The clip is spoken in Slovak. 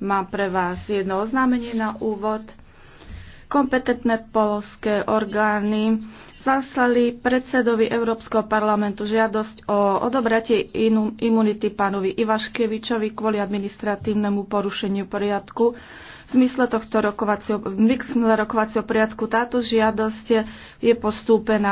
Mám pre vás jedno oznámenie na úvod. Kompetentné polské orgány zaslali predsedovi Európskeho parlamentu žiadosť o odobratie imunity pánovi Ivaškevičovi kvôli administratívnemu porušeniu poriadku. V zmysle tohto rokovacieho, rokovacieho poriadku táto žiadosť je postúpená